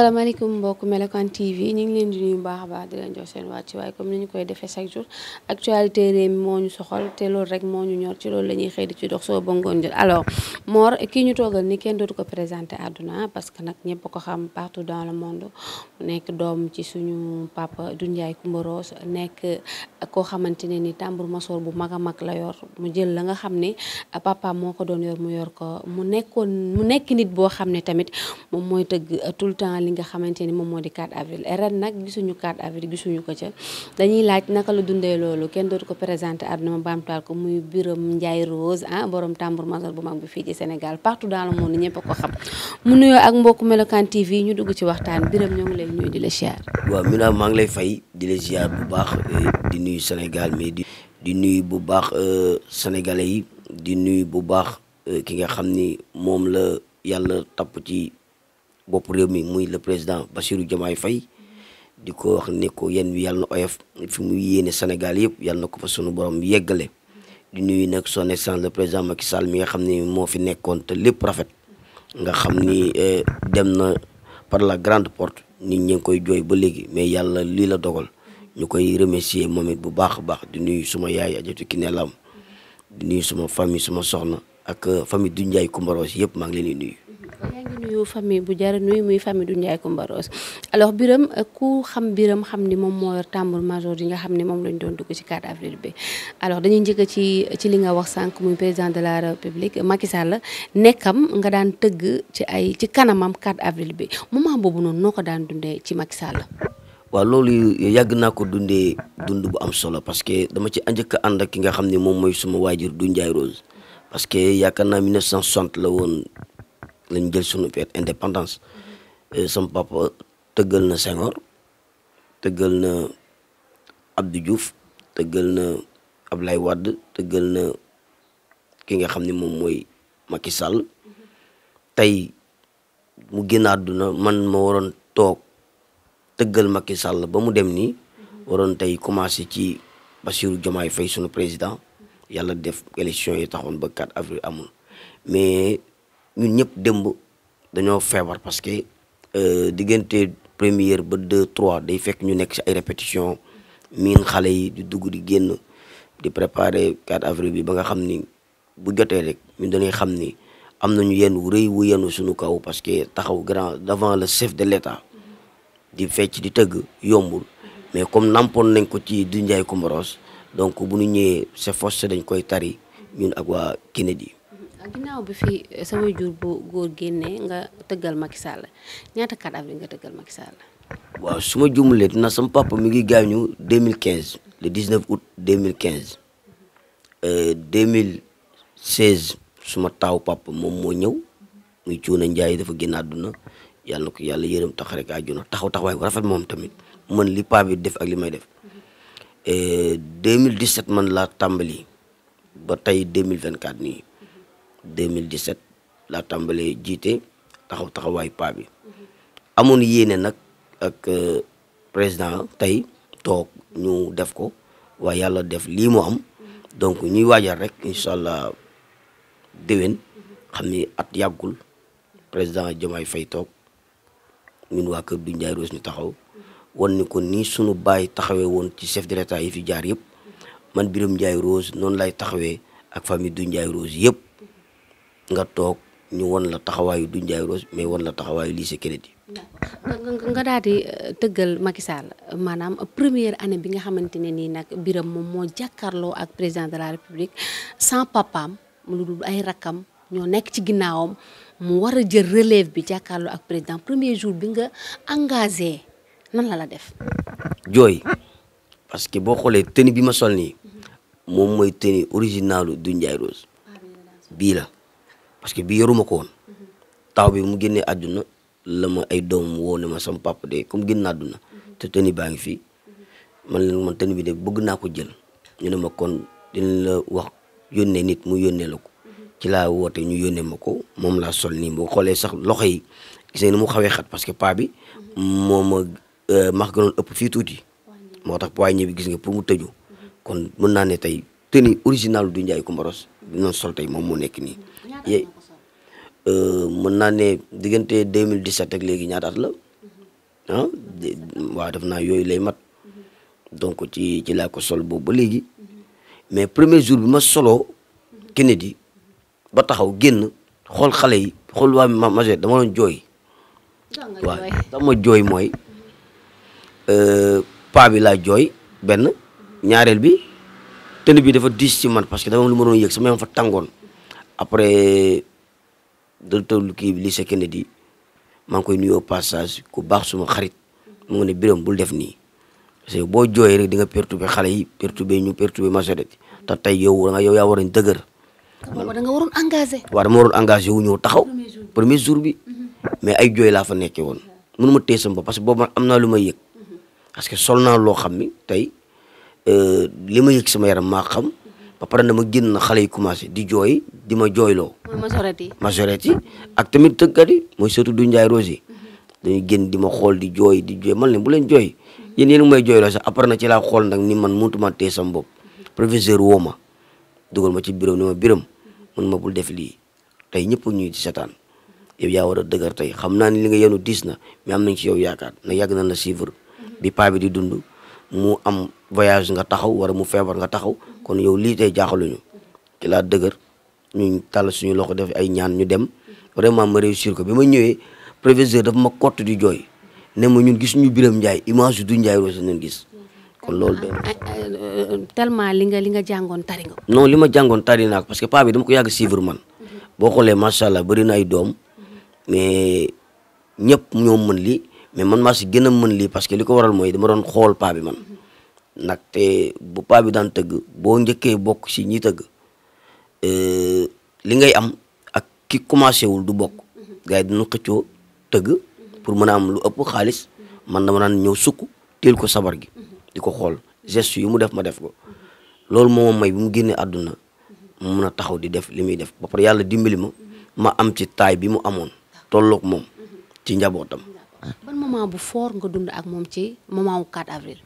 asalaamaaleykum mbokk melokaan TV ñu ngi leen di baax a baax di leen ni ñu koy defee chaque jour moo ñu soxal te loolu rek moo ñu ñor ci loolu la ñuy xëy di ci dox soo bëggoon jël alors kii ñu toogal ni kenn dootu ko présenté àdduna parce que nag ñëpp ko xam partout dans le monde nekk doom ci suñu papa Doudou Ndiaye Coumba Rose nekk koo xamante ne ni tambour masoor bu mag a mag la yor mu jël la nga xam ne papa moo ko doon yor mu yor ko mu nekkoon mu nekk nit boo xam ne tamit moom mooy tëgg tout le temps li nga xamante ni moom moo di 4 avril eh, ren nag gisuñu 4 avril gisuñu ko ca dañuy laaj naka la dundee loolu kenn dootu ko présenté àdduna ma baamtaal ko muy Birame Ndiaye Rose ah borom tambour major bu mag bi fii ci Sénégal partout dans le monde ñëpp a ko xam mu nuyoo ak mbokku Melokaan TV ñu dugg ci waxtaan Birame ñoo ngi lay nuyu di la ziar. waaw Mina maa ngi lay fay di la ziar bu baax eh, di nuyu Sénégal mais di di nuyu bu baax eh, sénégalais yi di nuy bu baax ki nga xam ni moom la yàlla tapp ci. bopp réew muy le président Bassirou Diomaye Fay di ko wax ne ko yéen wi yàlla na oyof fi muy yéene Sénégal yëpp yàlla na fa sunu borom yeggale di nuyu nak son excellence le président Macky Sall mi nga xamni mo fi nekkoon te lépp rafet nga xamni ni eh, dem na par la grande porte nit ñi ngi koy jooy ba léegi mais yalla li la dogal ñukoy remercier momit bu baax a baax di nuyu suma yaay ajatu kinelam di nuyu suma famille suma soxna ak eh, famille du ndjay Coumba Rose yëpp ngi leen nuyu. famille bu jara nuyu muy famille du Ndiaye Coumba Rose alors Birame ku xam Birame xam ni moom moo yor tambour yi nga xam ne moom lañ doon dugg ci 4 avril bi alors dañuy njëkk ci ci li nga wax sànq muy président de la république Macky Sall nekkam nga daan tëgg ci ay ci kanamam 4 avril bi moment boobu noonu noo ko daan dundee ci Macky Sall. waa loolu yàgg naa ko dundee dund bu am solo parce que dama ci njëkk a ànd ak ki nga xam ne moom mooy suma waajur du Ndiaye Rose parce que yaakaar naa 1960 la woon. lañ jël sunu fête indépendance euh, sama papa tëggal na Senghor tëggal na Abdou Diouf tëggal na Ablaye Wade tëggal na ki nga xam ni moom mooy Macky Sall tey mu génn àdduna man ma waroon toog tëggal Macky Sall ba mu dem nii waroon tey commencé ci Bassirou Diomaye fay sunu président yàlla def élection yi taxoon ba 4 avril amul mais Nous ñëpp démb dañoo parce que euh, diggante première ba deux trois day fekk ñu répétition miin xale yi préparer 4 avril bi ba nga xam bu jotee rek ñu un parce que taxaw grand devant le chef de l'État di fecc di yombul mais comme nampoon nañ ko ci donc bu ñu ñëwee c'est force dañ koy tari ñun ak Kennedy ginnaaw bi fi sama jur góor génnee nga tëggal Macky Sall ñaata kadaaf bi nga tëggal Macky Sall. waaw suma ma juumalee dina sama papa mi ngi gaañu 2015 le 19 août 2015 2016 euh, suma taaw papa moom moo ñëw muy Cuuna Njaay dafa génn àdduna yàlla ko yàlla yërëm tax rek àjjuna taxaw taxawaay bu rafet moom tamit man li paa bi def ak li may def euh, mille 2017 man laa tàmbali ba tey mille 2024 nii. mille 2017 laa tàmbalee jiite taxaw taxawaayu paa bi amoon yéene nag ak euh, président tey toog ñu def ko waa yàlla def lii mu am donc ñuy waajal rek incha allah déwén xam ni at yàggul président Diomaye fay toog ñun waa kër du Ndiaye Rose ñu taxaw wan ni ko nii sunu baay taxawee woon ci chef de l'état yi fi jaar yëpp man biram Ndiaye Rose noonu lay taxawee ak famille du Ndiaye Rose yëpp nga tok ñu won la taxawayu du njaay ros mais won la taxawayu lycée crédit nga daal di euh, tëggal Macky Sall maanaam première année bi nga xamantene ni nak biram mom mo jakarlo ak président de la république sans papaam lu dul ay rakam ño nek ci mu wara jël relève bi jakarlo ak président premier jour bi nga engagé nan la la def joy parce que bo xolé tenue bi ma sol ni mom mhm. moy tenue originalu du njaay rose ah, bi la parce que bi yoruma ko woon taw bi mu génne àdduna la ma ay doom woo ne ma sama papa de comme génn àdduna te tëni baa ngi fii man leen man tëni bi de bëgg naa ko jël ñu ne ma kon dinañ la wax yónnee nit mu yónnee la ko ci laa woote ñu yónnee ma ko moom laa sol nii moo xoolee sax loxo yi gis nga ni mu xawee xat parce que paa bi moo ma euh, max gënoon ëpp fii tuuti moo tax poids ñëw bi gis nga pour mu tëju kon mën naa ne tey tenue original du Ndiaye Coumba Rose bi noonu moom moo nekk nii. Euh, mën naa ne diggante mille 2017 ak léegi ñaata at la mm-hmm. ah waaw def naa yooyu lay mat mm-hmm. donc ci ci laa ko sol boobu ba léegi mm-hmm. mais premier jour bi ma solo Kennedy ba taxaw génn xool xale yi xool waa ma majeur dama doon jooy. waaw jooy mooy euh, paa bi laa jooy benn ñaareel bi. tënn bi dafa diis ci man parce que dama lu ma doon yëg sama yaram fa tàngoon après docteur kii lycée Kennedy maa ngi koy nuyoo passage ku baax suma xarit mu nga ne biram bul def ni parce que boo jooyee rek di nga perturbé xale yi perturbé be perturbé majorité te tey yow da nga yow yaa war a dëgër. waaw da nga waroon engagé. waaw engagé wu ñëw taxaw. premier jour bi. Mhm. mais ay jooy laa fa nekkee woon. mënuma ma sama bopp parce que boobu am na lu may yëg. Mhm. parce sol naa loo xam ni tey Euh, li ma yëg sama yaram ma xam ba pare ma génn xale yi commencé di jooy di ma jooyloo. majorette yi ak tamit tëggat yi mooy surtout du Ndiaye Rose yi mm-hmm. dañuy génn di ma xool di jooy di jooy man leen bu leen jooy mm-hmm. yéen yéen may jooyloo sax après na ci laa xool nag ni man mënutuma tee sama bopp mm-hmm. professeur woo ma dugal ma ci bureau ni ma biram mun ma bul def lii tey ñëpp ñuy ci setaan yow yaa war a dëgër tey xam naa ni li nga yenu diis na mais am nañ ci yow yaakaar na yàgg na la suivre bi paa bi voyage nga taxaw wara mu feebar nga taxaw kon yow li tey jaaxaluñu ci la dëgër ñu tal suñu loxo def ay ñaan ñu dem vraiment ma réussir ko bima ma proviseur dafa ma cote di joy ne ma ñun gis ñu biram njaay image du njaay rosa ñun gis kon lool de ah, ah, ah, euh, tellement li nga li nga jangon tari nga non li ma jàngoon tari nak parce que pa bi dama ko yag suivre man bo xolé machallah bari na ay dom mais ñepp ñom man li mais man ma ci gëna man li parce que li waral moy dama don xol pa bi man te bu paa bi daan tëgg boo njëkkee bokk si ñi tëgg euh, li ngay am ak kii commencé wul du bokk gars yi dina xëccoo tëgg pour mën a am lu ëpp xaalis man dama naan ñëw sukk teel ko sabar gi di ko xool geste yi mu def ma def ko loolu moo may bi mu àdduna mu a taxaw di def li muy def ba pare yàlla dimbali ma ma am ci taay bi mu amoon tollook moom ci njabootam. ban moment bu fort nga dund ak moom ci moment wu 4 avril.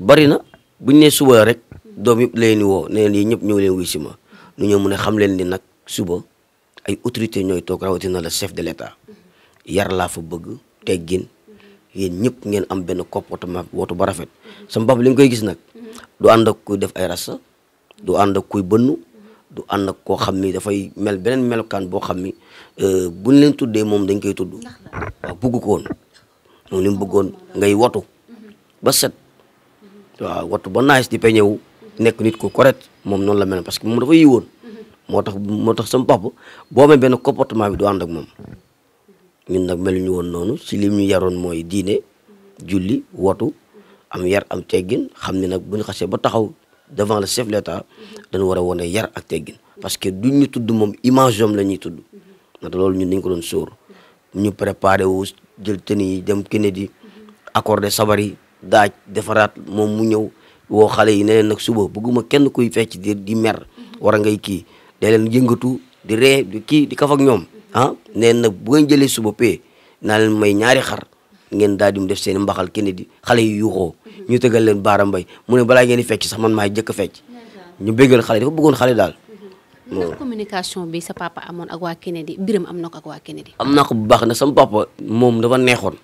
bari na buñ né suba rek doomi leen wo ne li yi ñoo leen wuy si ma nu ñëw mu xam leen ni nak suba ay autorité tok rawati na la chef de l'état yar lafu fa bëgg teggin yeen ñëpp ngeen am benn comportement wotu ba rafet sama bab li ngoy kui gis nak du and ak kuy def ay rasa du and ak kuy bënnu du and ak ko xamni da fay mel benen melokaan bo xamni euh buñ leen tuddé mom dañ koy tudd waaw ko won moom lim bëggoon ngay wotu ba set waaw wattu ba naagis di peñe wu nekk nit ko correct moom noonu la mel parce que moom dafa yiwoon mhm. moo tax moo tax sama papa boo amee benn comportement bi du ànd ak moom ñun nag mel ñu woon noonu si li ñu yaroon mooy diine julli watu am yar am teggin xam ni nag bu ñu xasee ba taxaw devant le chef de l'État mhm. dañu war a wane yar ak teggin parce que duñ ñu tudd moom image am la ñuy tudd mhm. ndax loolu ñun dañ ko doon sóor ñu préparé wu jël tenue yi dem Kennedy accordé sabar yi daj defarat mom mu ñew wo xalé yi neen nak suba bëgguma kenn kuy fecc di di mer mhm. war ngay ki de len yëngatu di ree di ki di kaf ak ñom ah neen nak bu ngeen jëlee suba pee na len may ñaari xar ngeen daal di mu def seen mbaxal kenn di xalé yu xoo mhm. ñu tegal len baara mbay mu ne bala ngeen fecc sax man maay jëk fecc ñu bëggal xalé dafa bëggoon xalé daal mhm. naka communication bi sa papa amoon ak wa Kennedy biram am ko ak wa Kennedy amna ko bu baax na sa papa mom dafa neexoon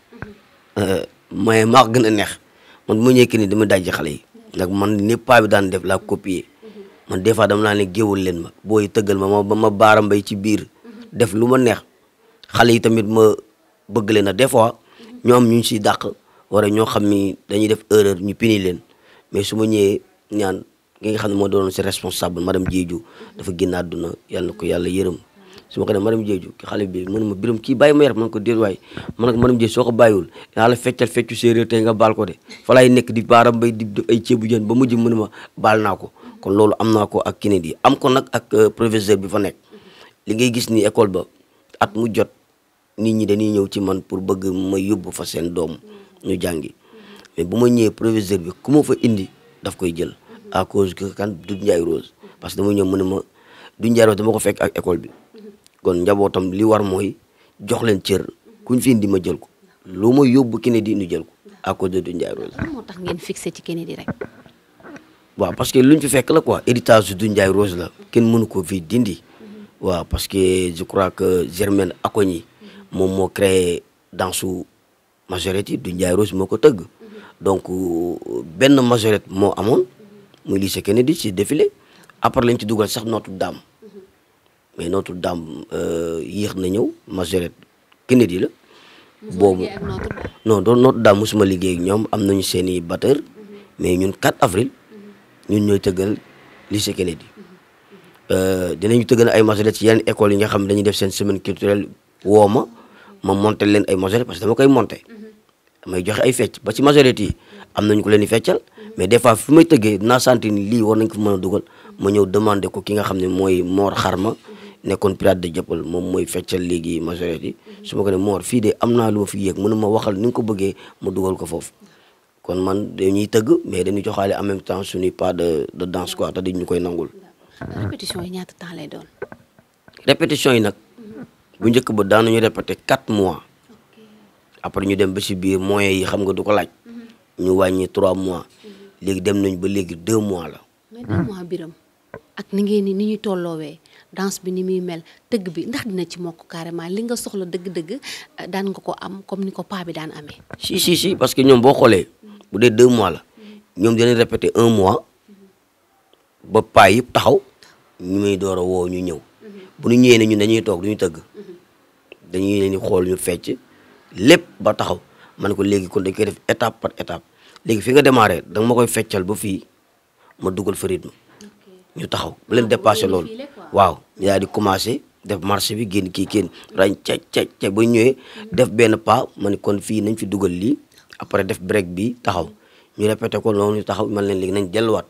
euh moy ma gëna neex man ma ñëwee nii dama dajji xale yi nag man ni paa bi daan def laa copier ma des fois dama naa ne géewul leen ma booy tëggal ma ma ma baaram bay ci biir def lu ma neex xale yi tamit ma bëgg leen a des fois ñoom ñu ngi siy dàq wala ñoo xam ni dañuy def erreur ñu pini leen mais su ma ñëwee ñaan ki nga xam ne moo doon si responsable madame ju dafa génn àdduna yàlla na ko yàlla yërëm. su ma ko ne madame Diédhiou xale bi mënuma biram kii bàyyi ma yar man ko déet waay man ko madame Diédhiou soo ko bàyyiwul naa la feccal feccu séeréer tey nga baal ko de fa laay nekk di baaram bay di ay ceebu jën ba mujj ma baal naa ko kon loolu am naa ko ak kiné yi am ko nag ak euh, professeur bi fa nekk li ngay gis ni école ba at mu jot nit ñi dañuy ñëw ci man pour bëgg ma yóbbu fa seen doom ñu jàngi mais bu ma ñëwee professeur bi ku ma fa indi daf koy jël a cause que kan du Ndiaye parce que dama ñëw mu ne ma du Ndiaye Rose ko fekk ak école bi kon njabootam lii war mooy jox leen ku kuñ fi indi ma jël ko lu ma yóbbu Kennedy ñu jël ko à cause de Doudou Ndiaye Rose. tax ngeen fixé ci Kennedy waaw parce que luñ fi fekk la quoi héritage Doudou Ndiaye Rose la kenn mënu ko fii dindi. waaw parce que je crois que Germaine Acogny moom moo créé danse majorette Doudou Ndiaye Rose moo ko tëgg. donc benn majorette moo amoon muy lycée Kennedy ci défilé après lañ ci dugal sax notre dame. mais Notre-Dame euh, yéex na ñëw Masoret Kennedy la. boobu non doon Notre-Dame suma liggéey ak ñoom am nañu seen i batteur mm-hmm. mais ñun 4 avril mm-hmm. ñun ñooy tëggal lycée Kennedy mm-hmm. Euh, dinañu tëggal ay Masoret ci yeneen école yi nga xam ne dañuy def seen semaine culturelle woo ma ma leen ay Masoret parce que dama koy monté damay joxe ay fecc ba ci Masoret yi am nañu ko leen di feccal mais des fois fi may tëggee dinaa sentir lii war nañ ko mën a dugal ma ñëw demander ko ki nga xam ne mooy Mor Xarma nekkoon pirate de jëppal moom mooy feccal léegi majorette yi su ma ko ne moor fii de am naa lu ma fi yéeg mënu ma waxal ni nga ko bëggee ma dugal ko foofu kon man dañuy tëgg mais dañuy joxaale en même temps suñuy pas de de danse quoi te ñu koy nangul. répétition ñaata temps lay doon. répétition yi nag bu njëkk ba daan nañu répété quatre mois après ñu dem ba si biir moyens yi xam nga du ko laaj mhm. ñu wàññi trois mois mhm. léegi dem nañ ba léegi deux mois la. ak ni ngeen ni ni ñuy tolloowee danse bi ni muy mel tëgg bi ndax dina ci mokk carrément li nga soxla dëgg-dëgg euh, daan nga ko am comme ni ko paa bi daan amee. si si si parce que ñoom boo xoolee bu dee deux mois la ñoom dinañ répété un mois ba yëpp taxaw ñu door a woo ñu ñëw mhm. bu ñu ñëwee ne ñun dañuy toog du ñu tëgg mhm. dañuy leen di xool ñu fecc lépp ba taxaw man ko léegi kon dañ koy def étape par étape léegi fi nga démarré danga ma koy feccal ba fii ma dugal fa rythme ñu taxaw bu leen dépassé loolu waaw ñu daal di commencé def marché bi génn kii kenn dañ caj caj caj ba ñëwee def benn pas ma ne kon fii nañ fi dugal lii après def break bi taxaw ñu répété ko loolu ñu taxaw man leen léegi nañ delluwaat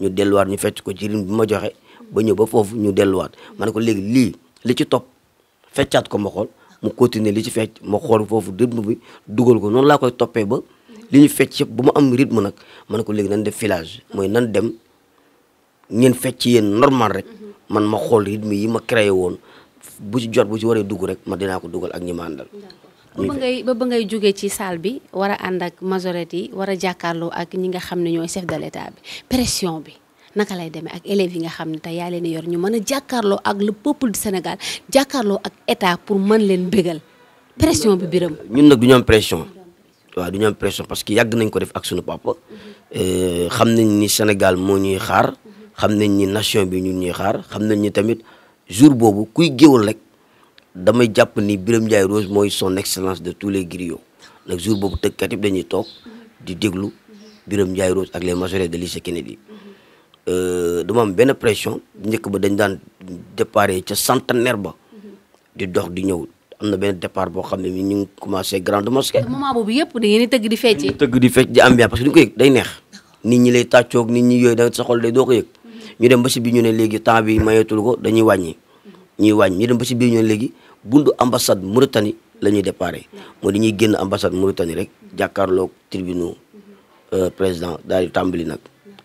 ñu delluwaat ñu fecc ko ci rythme ma joxe ba ñëw ba foofu ñu delluwaat ma ne ko léegi lii li ci topp feccaat ko ma xool mu continuer li ci fecc ma xool foofu rythme bi dugal ko noonu laa koy toppee ba li ñu fecc yëpp ba mu am rythme nag ma ne ko léegi nañ def filage mooy nan dem ngeen ci yéen normal rek mhm. man ma xool rythme yi ma créé woon bu ci jot bu ci waree dugg rek ma dinaa ko dugal ak ñi ma àndal. ba ngay ba ngay jógee ci saal bi war a ànd ak majorette yi war a jàkkaarloo ak ñi nga xam ne ñooy chef de l'état bi pression bi naka lay demee ak élèves yi nga xam ne tey yaa leen yor ñu mën a jàkkaarloo ak le peuple du Sénégal jàkkaarloo ak état pour mën leen bégal pression bi biram ñun nag du ñu am pression waaw du ñu am pression parce que yàgg nañ ko def ak sunu papa mhm. euh, xam nañ ni Sénégal moo ñuy xaar. xam nañ ni nation bi ñun ñuy xaar xam nañ ni tamit jour boobu kuy géwal rek damay jàpp ni Birame Ndiaye Rose mooy son excellence de tous les griots nag jour boobu tëggkat yëpp dañuy toog di déglu Birame Ndiaye Rose ak les e de lycée Kennedy euh, dama am benn pression njëkk ba dañ daan depar ca centenaire ba di dox di ñëw am na benn départ boo xam ne ñu ngi commencé grande mosquée. moment boobu yëpp da ngeen di tëgg fecc. tëgg di fecc di ambiance parce que du ñu ko yëg day neex. nit ñi lay tàccoog nit ñi yooyu da sa xol doo ko yëg. ñu dem ba si bi ñu ne légui temps bi mayatul ko dañuy wañi ñuy wañ ñu dem ba si bi ñu ne bundu ambassade Mauritanie la déparé mo di ñuy genn ambassade Mauritanie rek tribunal euh président daal di nak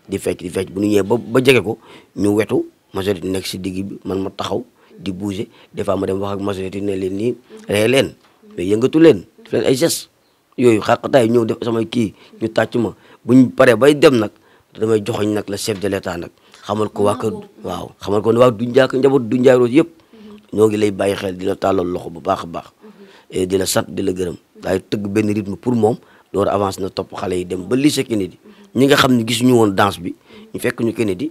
di fekk di fekk bu ñu ñëwee ba ba jégé ko ñu wetu majorité nek ci digg bi man ma taxaw di bouger des fois ma dem wax ak majorité ne len ni ré len mais yëngatu len def leen ay gestes yooyu xarqataay ñëw def sama ki ñu tàcc ma buñ bay dem nak damay joxoñ nak la chef de l'état nak xamal ko waa kër waaw xamal ko ne waa Doudou njaboot Doudou Ndiaye Rose yëpp ñoo ngi lay bàyyi xel di la tàllal loxo bu baax a baax di la sant di la gërëm daay tëgg benn rythme pour moom door avance na topp xale yi dem ba lycée di ñi nga xam ne gisuñu woon danse bi ñu fekk ñu di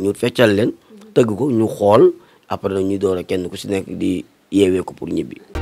ñu feccal leen tëgg ko ñu xool après ñu door a kenn ku si nekk di yeewee ko pour ñibbi